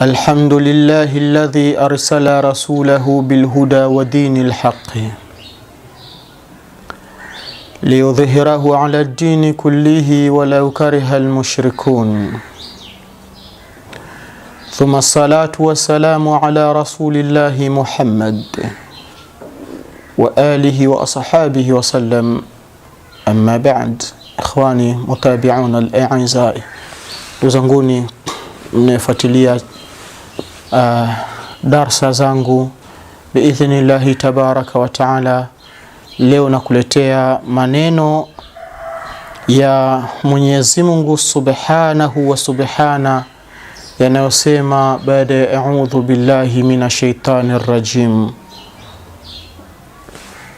الحمد لله الذي أرسل رسوله بالهدى ودين الحق ليظهره على الدين كله ولو كره المشركون ثم الصلاة والسلام على رسول الله محمد وآله وأصحابه وسلم أما بعد إخواني متابعون الأعزاء تزنقوني mnayefuatilia uh, darsa zangu biidhnillahi tabaraka wa taala. Leo nakuletea maneno ya Mwenyezi Mungu subhanahu wa subhana yanayosema baada ya audhu billahi min ashaitani rajim.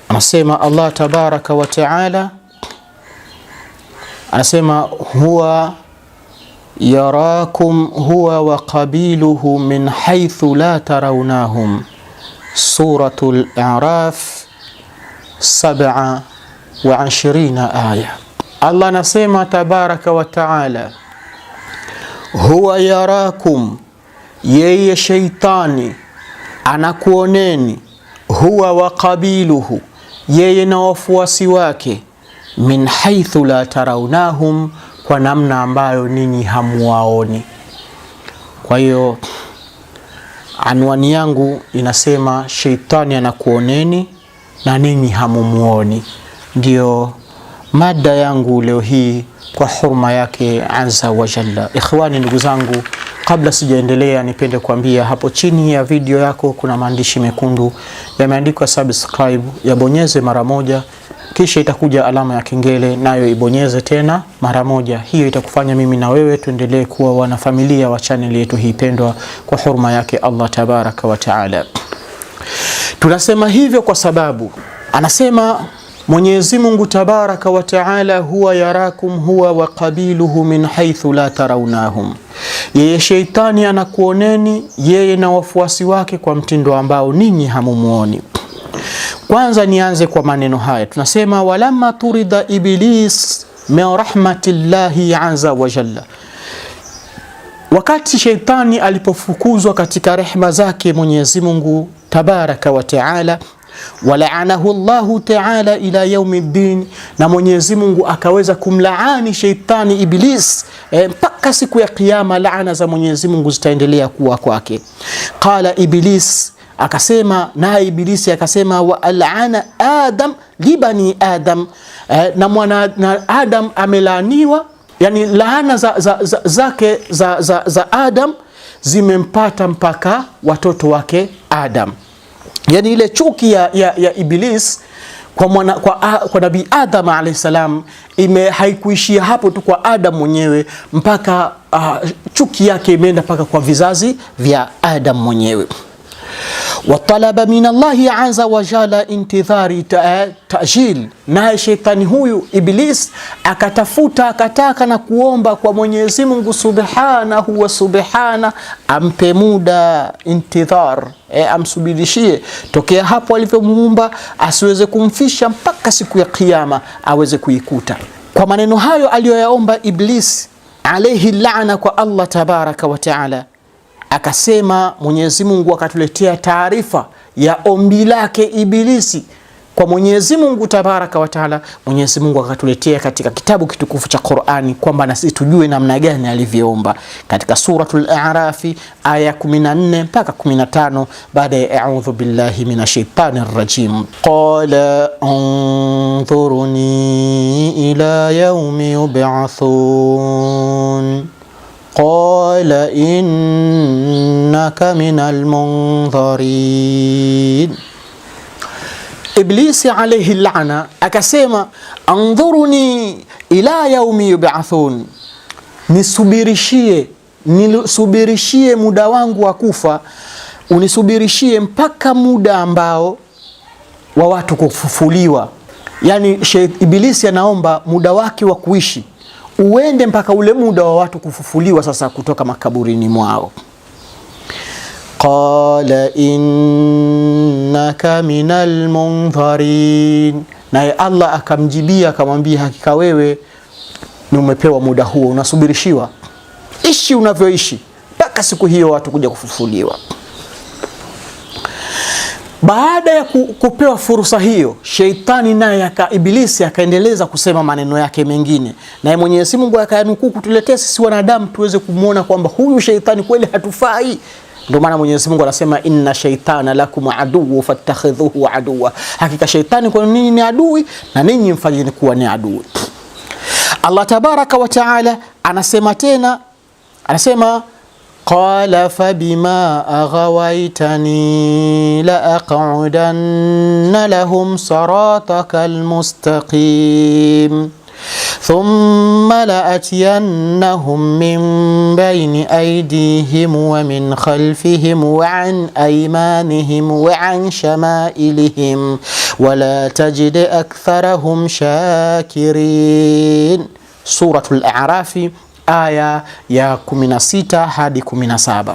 Anasema Allah tabaraka wa taala, anasema huwa يراكم هو وقبيله من حيث لا ترونهم سورة الإعراف سبعة وعشرين آية الله نسيم تبارك وتعالى هو يراكم يي شيطان أنا huwa هو وقبيله يي na من حيث لا ترونهم kwa namna ambayo ninyi hamuwaoni. Kwa hiyo anwani yangu inasema sheitani anakuoneni na ninyi hamumuoni, ndio mada yangu leo hii kwa hurma yake azza wa jalla. Ikhwani, ndugu zangu, kabla sijaendelea, nipende kuambia hapo chini ya video yako kuna maandishi mekundu yameandikwa subscribe, yabonyeze mara moja kisha itakuja alama ya kengele, nayo ibonyeze tena mara moja. Hiyo itakufanya mimi na wewe tuendelee kuwa wanafamilia wa chaneli yetu hii pendwa, kwa huruma yake Allah tabaraka wa taala. Tunasema hivyo kwa sababu anasema Mwenyezi Mungu tabaraka wa taala, huwa yarakum huwa wa qabiluhu min haithu la tarawnahum, yeye sheitani anakuoneni yeye na wafuasi wake kwa mtindo ambao ninyi hamumuoni. Kwanza nianze kwa maneno haya, tunasema walamma turida iblis min rahmatillahi azza wa jalla, wakati sheitani alipofukuzwa katika rehma zake Mwenyezi Mungu tabaraka wa taala walaanahu llahu taala ila yaumi ddin, na Mwenyezi Mungu akaweza kumlaani sheitani Iblis e, mpaka e, siku ya Kiyama. Laana za Mwenyezi Mungu zitaendelea kuwa kwake. Qala Iblis akasema naye Ibilisi akasema wa alana adam libani adam eh, na mwana na Adam amelaaniwa, yani laana za, za, za, zake za, za, za Adam zimempata mpaka watoto wake Adam, yani ile chuki ya, ya, ya Ibilis kwa, mwana, kwa, kwa Nabii Adam alahi salam ime haikuishia hapo tu kwa Adam mwenyewe mpaka uh, chuki yake imeenda mpaka kwa vizazi vya Adam mwenyewe watalaba min Allahi azza wa intidhari tajil, naye sheitani huyu Iblis akatafuta akataka na kuomba kwa Mwenyezi Mungu subhanahu wa subhana ampe muda intidhar, e, amsubirishie tokea hapo alivyomuumba asiweze kumfisha mpaka siku ya Kiyama aweze kuikuta. Kwa maneno hayo aliyoyaomba Iblis alaihi laana kwa Allah tabaraka wa taala Akasema Mwenyezi Mungu akatuletea taarifa ya ombi lake Ibilisi kwa Mwenyezi Mungu Tabaraka wa Taala. Mwenyezi Mungu akatuletea katika kitabu kitukufu cha Qur'ani kwamba na sisi tujue namna gani alivyoomba katika suratul A'rafi aya 14 mpaka 15, baada ya a'udhu billahi minashaitanir rajim, qala anzuruni ila yaumi yub'athun qala innaka minal mundharin. Iblisi alayhi lana akasema, andhuruni ila yaumi yubathun, nisubirishie nisubirishie muda wangu wa kufa, unisubirishie mpaka muda ambao wa watu kufufuliwa. Yani Iblisi anaomba muda wake wa kuishi uende mpaka ule muda wa watu kufufuliwa sasa kutoka makaburini mwao. Qala innaka minal mundharin, naye Allah akamjibia akamwambia, hakika wewe ni umepewa muda huo, unasubirishiwa. Ishi unavyoishi mpaka siku hiyo watu kuja kufufuliwa. Baada ya kupewa fursa hiyo, sheitani naye ibilisi akaendeleza kusema maneno yake mengine, naye Mwenyezi Mungu akayanukuu kutuletea sisi wanadamu tuweze kumwona kwamba huyu sheitani kweli hatufai. Ndio maana Mwenyezi Mungu anasema inna shaitana lakum aduu fattakhidhuhu aduwa, hakika sheitani kwenu ninyi ni adui na ninyi mfanyeni kuwa ni adui. Allah tabaraka wa taala anasema tena, anasema قال فبما اغويتني لاقعدن لهم صراطك المستقيم ثم لاتينهم من بين ايديهم ومن خلفهم وعن ايمانهم وعن شمائلهم ولا تجد اكثرهم شاكرين سوره الاعراف aya ya 16 hadi 17.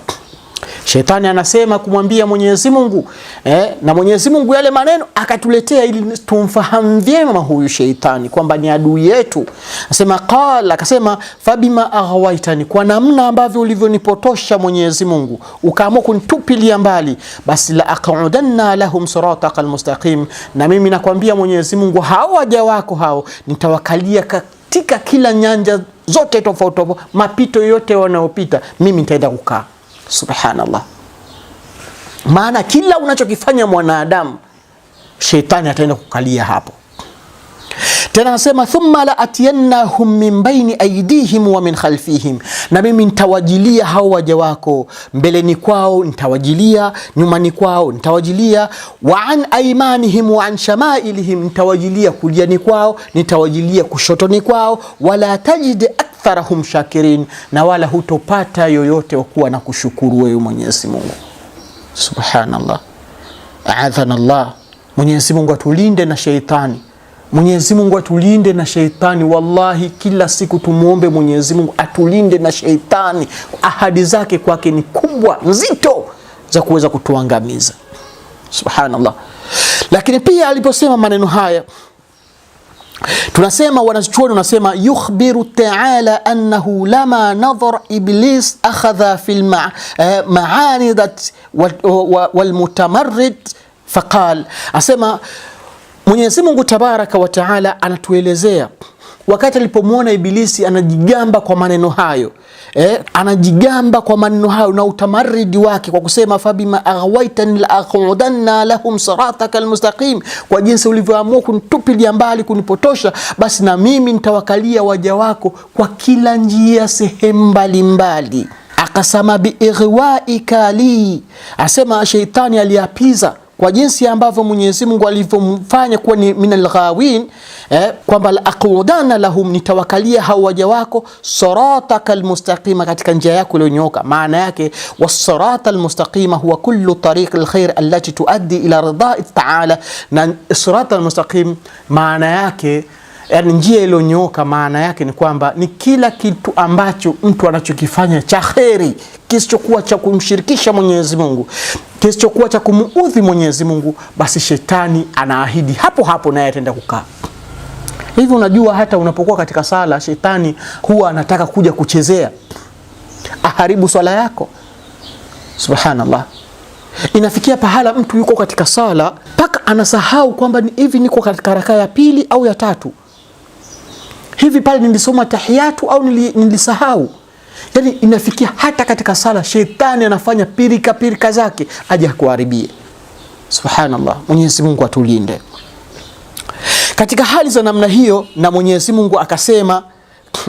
Shetani anasema kumwambia Mwenyezi Mungu eh, na Mwenyezi Mungu yale maneno akatuletea ili tumfahamu vyema huyu shetani kwamba ni adui yetu. Anasema qala, akasema fabima aghwaitani, kwa namna ambavyo ulivyonipotosha Mwenyezi Mungu, ukaamua kunitupilia mbali, basi la aq'udanna lahum siratakal mustaqim, na mimi nakwambia Mwenyezi Mungu, hao waja wako hao nitawakalia katika kila nyanja zote tofauti tofauti, mapito yote wanaopita, mimi nitaenda kukaa. Subhanallah, maana kila unachokifanya mwanadamu, shetani ataenda kukalia hapo. Tena anasema thumma la atiyannahum min baini aydihim wa min khalfihim, na mimi nitawajilia hao waja wako mbeleni kwao nitawajilia, nyumani kwao nitawajilia, wa an aymanihim wa an shamailihim, nitawajilia kuliani kwao, nitawajilia kushotoni kwao, wala tajid aktharahum shakirin, na wala hutopata yoyote wakuwa na kushukuru wewe Mwenyezi Mungu. Subhanallah, aadhana Allah, Mwenyezi Mungu atulinde na sheitani. Mwenyezi Mungu atulinde na sheitani. Wallahi, kila siku tumwombe Mwenyezi Mungu atulinde na sheitani. Ahadi zake kwake ni kubwa nzito za kuweza kutuangamiza. Subhanallah. Lakini pia aliposema maneno haya tunasema wanachuoni wanasema, yukhbiru taala annahu lama nadhar iblis akhadha fi lmaanidat eh, walmutamarrid faqal, asema Mwenyezi Mungu Tabaraka wa Taala anatuelezea wakati alipomwona Ibilisi anajigamba kwa maneno hayo eh, anajigamba kwa maneno hayo na utamaridi wake kwa kusema fabima aghwaitani aqudanna lahum sirataka almustaqim, kwa jinsi ulivyoamua kunitupilia mbali kunipotosha, basi na mimi nitawakalia waja wako kwa kila njia, sehemu mbalimbali. akasama biighwaika li, asema sheitani aliapiza kwa jinsi ambavyo Mwenyezi Mungu alivyomfanya kuwa ni minal ghawin eh, kwamba aqudana lahum, nitawakalia hao waja wako, sirata almustaqima, katika njia yako iliyonyoka. Maana yake wasirata almustaqima huwa kullu tariq alkhair allati tuaddi ila ridha ta'ala, na sirata almustaqim maana yake yani njia iliyonyooka, maana yake ni kwamba ni kila kitu ambacho mtu anachokifanya cha kheri kisichokuwa cha kumshirikisha Mwenyezi Mungu, kisichokuwa cha kumuudhi Mwenyezi Mungu, basi shetani anaahidi hapo hapo naye ataenda kukaa hivi. Unajua, hata unapokuwa katika sala, shetani huwa anataka kuja kuchezea, aharibu swala yako. Subhanallah. Inafikia pahala mtu yuko katika sala mpaka anasahau kwamba hivi niko katika rakaa ya pili au ya tatu hivi pale nilisoma tahiyatu au nilisahau? Yaani inafikia hata katika sala shetani anafanya pirika pirika zake aje akuharibie. Subhanallah, Mwenyezi Mungu atulinde katika hali za namna hiyo. Na Mwenyezi Mungu akasema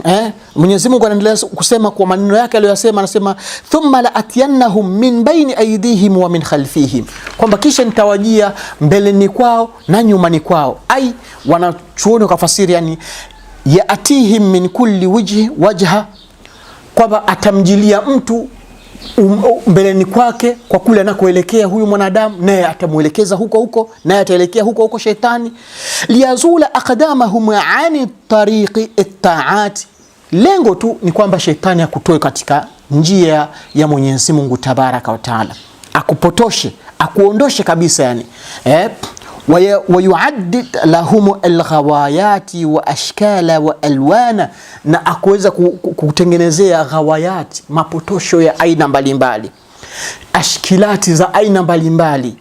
Eh, Mwenyezi Mungu anaendelea kusema kwa maneno yake aliyosema, anasema thumma la atiyannahum min baini aydihim wa min khalfihim, kwamba kisha nitawajia mbele ni kwao na nyuma ni kwao. Ai, wanachuoni kafasiri, yani yaatihim min kulli wajhi wajha, kwamba atamjilia mtu um, mbeleni kwake kwa kule anakoelekea huyu mwanadamu, naye atamwelekeza huko huko, naye ataelekea huko huko shetani. Liyazula aqdamahum ani tariqi taati, lengo tu ni kwamba shetani akutoe katika njia ya Mwenyezi Mungu tabaraka wa taala, akupotoshe, akuondoshe kabisa yani eh wayuaddid lahum alghawayati wa ashkala wa alwana, na akuweza kutengenezea ghawayati mapotosho ya aina mbalimbali, ashkilati za aina mbalimbali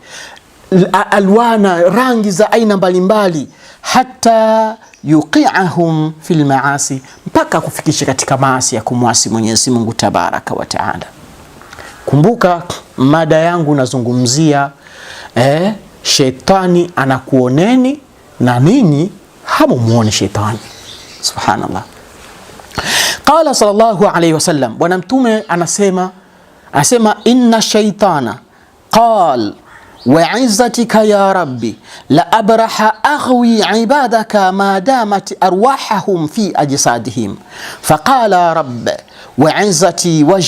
alwana rangi za aina mbalimbali, hata yuqiahum fi lmaasi mpaka kufikisha katika maasi ya kumwasi Mwenyezi Mungu tabaraka wa taala. Kumbuka mada yangu nazungumzia eh, shetani anakuoneni na ninyi hamumuoni shetani. Subhanallah. Qala sallallahu alayhi wasallam, Bwana Mtume anasema anasema inna shaitana qal wa izzatika ya rabbi la abraha aghwi ibadaka ma damat arwahahum fi ajsadihim faqala rabb wa izzati wa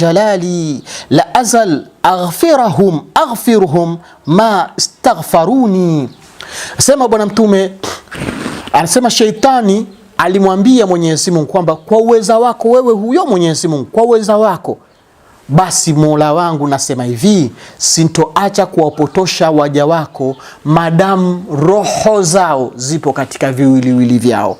la azal aghfirahum aghfiruhum ma staghfaruni. Sema Bwana Mtume anasema sheitani alimwambia Mwenyezi Mungu kwamba kwa uweza wako wewe, huyo Mwenyezi Mungu, kwa uweza wako basi Mola wangu, nasema hivi, sintoacha kuwapotosha waja wako madamu roho zao zipo katika viwiliwili vyao,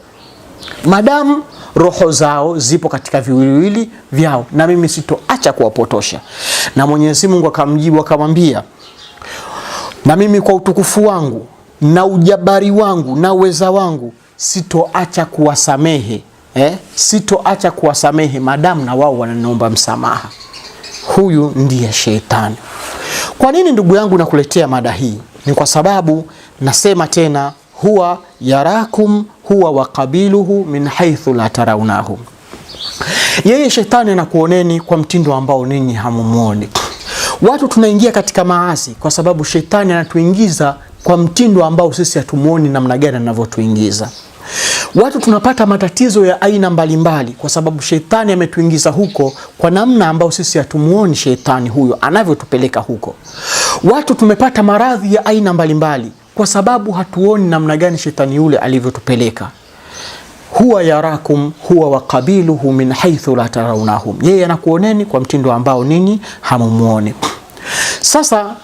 madamu roho zao zipo katika viwiliwili vyao, na mimi sitoacha kuwapotosha. Na Mwenyezi Mungu akamjibu akamwambia, na mimi kwa utukufu wangu na ujabari wangu na uweza wangu sitoacha kuwasamehe eh, sitoacha kuwasamehe madamu na wao wananiomba msamaha. Huyu ndiye Shetani. Kwa nini ndugu yangu nakuletea mada hii? Ni kwa sababu nasema tena, huwa yarakum huwa wakabiluhu min haithu la taraunahu, yeye shetani anakuoneni kwa mtindo ambao ninyi hamumuoni. Watu tunaingia katika maasi kwa sababu shetani anatuingiza kwa mtindo ambao sisi hatumuoni namna gani anavyotuingiza. Watu tunapata matatizo ya aina mbalimbali kwa sababu shetani ametuingiza huko kwa namna ambayo sisi hatumuoni shetani huyo anavyotupeleka huko. Watu tumepata maradhi ya aina mbalimbali kwa sababu hatuoni namna gani shetani yule alivyotupeleka. Huwa yarakum huwa wa min haithu la taraunahum yeye anakuoneni kwa mtindo ambao ninyi hamumuoni. Sasa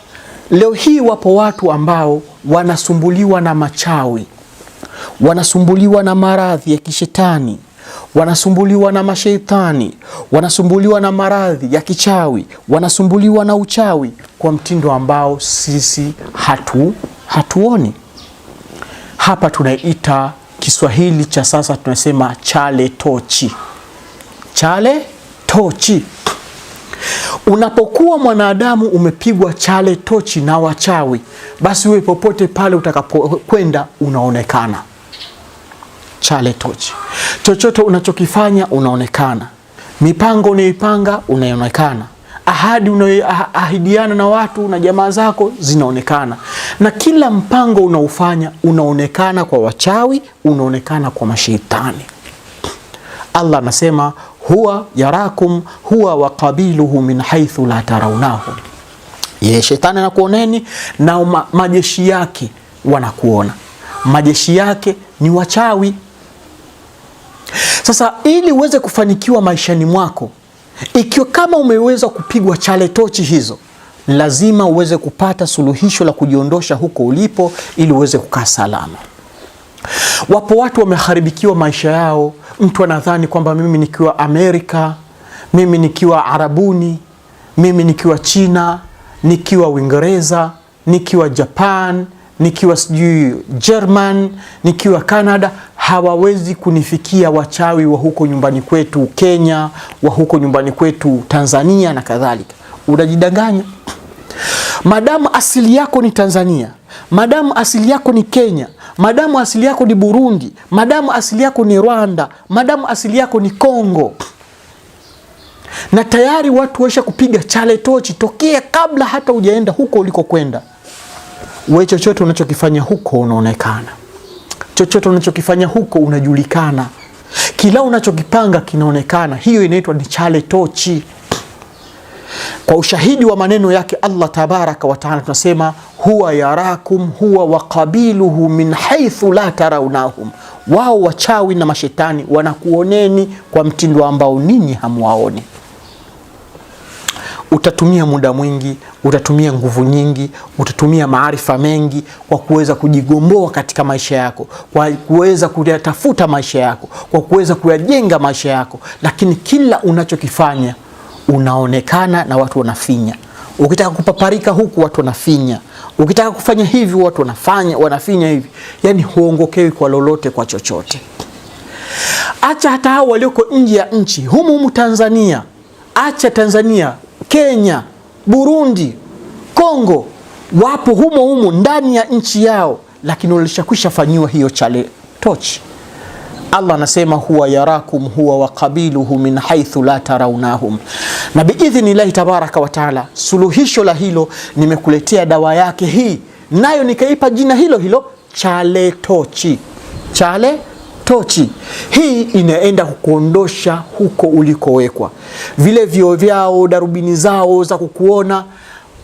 leo hii wapo watu ambao wanasumbuliwa na machawi, wanasumbuliwa na maradhi ya kishetani wanasumbuliwa na masheitani, wanasumbuliwa na maradhi ya kichawi, wanasumbuliwa na uchawi kwa mtindo ambao sisi hatu hatuoni. Hapa tunaita Kiswahili cha sasa tunasema chale tochi, chale tochi. Unapokuwa mwanadamu umepigwa chale tochi na wachawi, basi wewe popote pale utakapokwenda unaonekana. Chale Tochi. Chochote unachokifanya unaonekana, mipango unayoipanga unaonekana, ahadi unayoahidiana ah, na watu na jamaa zako zinaonekana, na kila mpango unaofanya unaonekana kwa wachawi, unaonekana kwa masheitani. Allah anasema huwa yarakum huwa wa qabiluhu min haithu la tarawnahu, ye shetani anakuoneni na majeshi yake wanakuona. Majeshi yake ni wachawi. Sasa ili uweze kufanikiwa maishani mwako, ikiwa kama umeweza kupigwa chale tochi hizo, lazima uweze kupata suluhisho la kujiondosha huko ulipo, ili uweze kukaa salama. Wapo watu wameharibikiwa maisha yao. Mtu anadhani kwamba mimi nikiwa Amerika, mimi nikiwa Arabuni, mimi nikiwa China, nikiwa Uingereza, nikiwa Japan, nikiwa sijui German, nikiwa Canada hawawezi kunifikia wachawi wa huko nyumbani kwetu Kenya, wa huko nyumbani kwetu Tanzania na kadhalika. Unajidanganya. Madamu asili yako ni Tanzania, madamu asili yako ni Kenya, madamu asili yako ni Burundi, madamu asili yako ni Rwanda, madamu asili yako ni Kongo, na tayari watu waisha kupiga chale tochi tokea kabla hata hujaenda huko ulikokwenda. We chochote unachokifanya huko unaonekana chochote unachokifanya huko unajulikana, kila unachokipanga kinaonekana. Hiyo inaitwa ni chale tochi. Kwa ushahidi wa maneno yake Allah tabaraka wa taala tunasema huwa yarakum huwa waqabiluhu min haithu la taraunahum wao wachawi na mashetani wanakuoneni kwa mtindo ambao ninyi hamwaoni utatumia muda mwingi, utatumia nguvu nyingi, utatumia maarifa mengi kwa kuweza kujigomboa katika maisha yako, kwa kuweza kuyatafuta maisha yako, kwa kuweza kuyajenga maisha yako, lakini kila unachokifanya unaonekana na watu wanafinya. Ukitaka kupaparika huku watu wanafinya, ukitaka kufanya hivi watu wanafanya wanafinya hivi, yani huongokewi kwa lolote, kwa chochote. Acha hata hao walioko nje ya nchi, humu humu Tanzania, acha Tanzania Kenya, Burundi, Kongo wapo humo humo ndani ya nchi yao, lakini walishakwisha fanyiwa hiyo chale tochi. Allah anasema huwa yarakum huwa wa qabiluhu min haithu la tarawnahum, na biidhnillahi tabaraka wa taala. Suluhisho la hilo nimekuletea dawa yake hii, nayo nikaipa jina hilo hilo chale tochi, chale tochi. Hii inaenda kukuondosha huko ulikowekwa. Vile vioo vyao, darubini zao za kukuona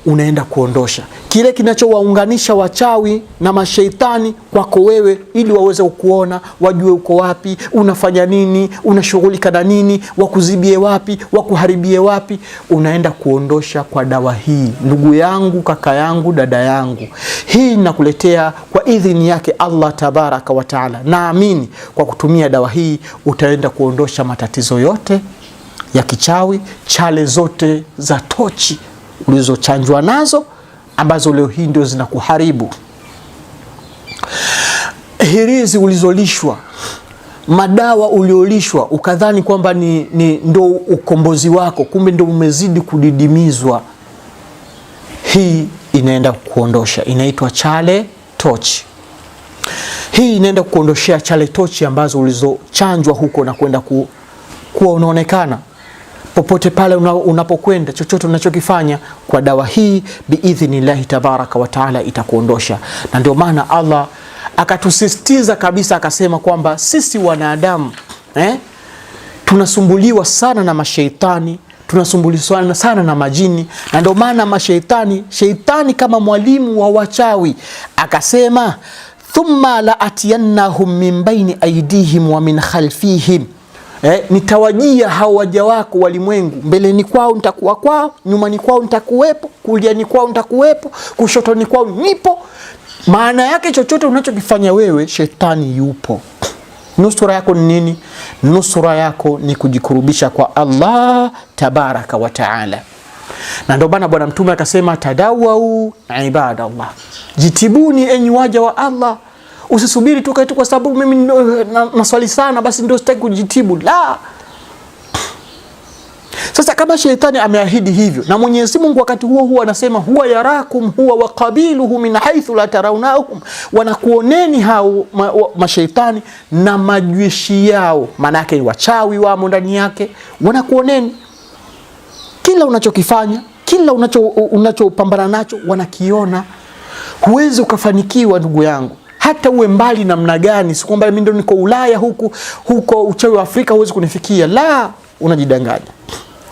unaenda kuondosha kile kinachowaunganisha wachawi na masheitani kwako wewe, ili waweze kukuona, wajue uko wapi, unafanya nini, unashughulika na nini, wakuzibie wapi, wakuharibie wapi. Unaenda kuondosha kwa dawa hii, ndugu yangu, kaka yangu, dada yangu. Hii nakuletea kwa idhini yake Allah tabaraka wa taala. Naamini kwa kutumia dawa hii utaenda kuondosha matatizo yote ya kichawi, chale zote za tochi ulizochanjwa nazo ambazo leo hii ndio zinakuharibu, hirizi ulizolishwa, madawa uliolishwa, ukadhani kwamba ni, ni ndo ukombozi wako, kumbe ndo umezidi kudidimizwa. Hii inaenda kuondosha, inaitwa chale tochi. Hii inaenda kuondoshea chale tochi ambazo ulizochanjwa huko na kwenda ku, kuwa unaonekana popote pale unapokwenda, chochote unachokifanya kwa dawa hii, biidhnillahi tabaraka wa taala itakuondosha. Na ndio maana Allah akatusisitiza kabisa, akasema kwamba sisi wanadamu eh, tunasumbuliwa sana na masheitani tunasumbuliwa sana na majini, na ndio maana masheitani, sheitani kama mwalimu wa wachawi akasema, thumma la atiyannahum min baini aidihim wa min khalfihim Eh, nitawajia hao waja wako walimwengu, mbeleni kwao nitakuwa kwao, nyumani kwao nitakuwepo, kuliani kwao nitakuwepo, kushotoni kwao nipo. Maana yake chochote unachokifanya wewe, shetani yupo. Nusura yako ni nini? Nusura yako ni kujikurubisha kwa Allah tabaraka wa taala, na ndio maana Bwana Mtume akasema, tadawau ibadallah, jitibuni enyi waja wa Allah Usisubiri tu kaitu kwa sababu mimi eh, naswali sana, basi ndio sitaki kujitibu. La, sasa kama shetani ameahidi hivyo, na Mwenyezi Mungu wakati huo huo anasema huwa yarakum huwa waqabiluhu min haithu la tarawnahum, wanakuoneni hao mashaitani ma na majeshi yao, maana yake ni wachawi wamo ndani yake, wanakuoneni kila unachokifanya, kila unachopambana unacho nacho, wanakiona. Huwezi ukafanikiwa ndugu yangu hata uwe mbali namna gani, si kwamba mimi ndio niko Ulaya huku huko uchawi wa Afrika huwezi kunifikia. La, unajidanganya.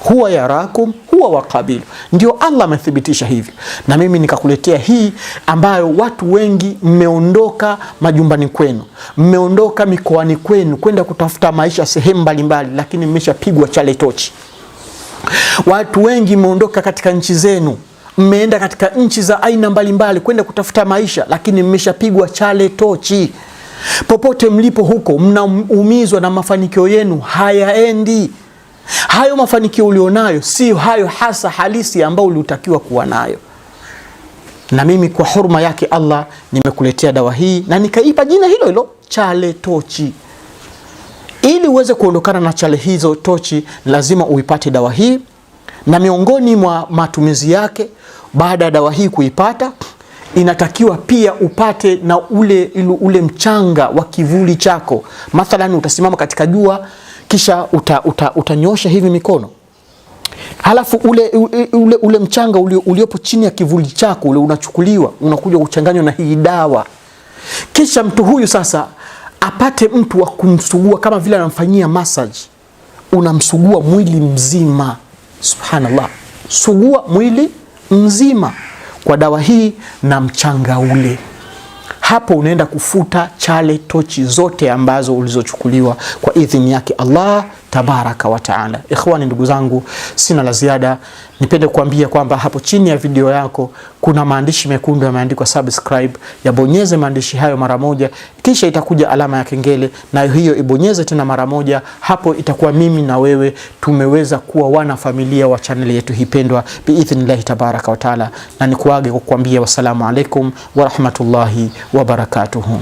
Huwa yarakum huwa wakabilu, ndio Allah amethibitisha hivyo, na mimi nikakuletea hii ambayo watu wengi mmeondoka majumbani kwenu, mmeondoka mikoani kwenu kwenda kutafuta maisha sehemu mbalimbali, lakini mmeshapigwa chale tochi. Watu wengi mmeondoka katika nchi zenu mmeenda katika nchi za aina mbalimbali kwenda kutafuta maisha, lakini mmeshapigwa chale tochi. Popote mlipo huko, mnaumizwa na mafanikio yenu hayaendi. Hayo mafanikio ulionayo si hayo hasa halisi ambayo uliotakiwa kuwa nayo. Na mimi kwa huruma yake Allah nimekuletea dawa hii na nikaipa jina hilo hilo chale tochi. Ili uweze kuondokana na chale hizo tochi, lazima uipate dawa hii na miongoni mwa matumizi yake baada ya dawa hii kuipata inatakiwa pia upate na ule, ule mchanga wa kivuli chako. Mathalan, utasimama katika jua kisha uta, uta, utanyosha hivi mikono halafu ule, ule, ule mchanga uliopo chini ya kivuli chako ule unachukuliwa unakuja kuchanganywa na hii dawa, kisha mtu huyu sasa apate mtu wa kumsugua kama vile anamfanyia massage, unamsugua mwili mzima. Subhanallah, sugua mwili mzima kwa dawa hii na mchanga ule. Hapo unaenda kufuta chale tochi zote ambazo ulizochukuliwa kwa idhini yake Allah tabaraka wa taala. Ikhwani, ndugu zangu, sina la ziada, nipende kuambia kwamba hapo chini ya video yako kuna maandishi mekundu yameandikwa subscribe, yabonyeze maandishi hayo mara moja, kisha itakuja alama ya kengele, na hiyo ibonyeze tena mara moja. Hapo itakuwa mimi na wewe tumeweza kuwa wana familia wa chaneli yetu hipendwa, biidhnillahi tabaraka wa taala, na nikuage kwa kuambia wassalamu alaikum wa rahmatullahi wa barakatuhu.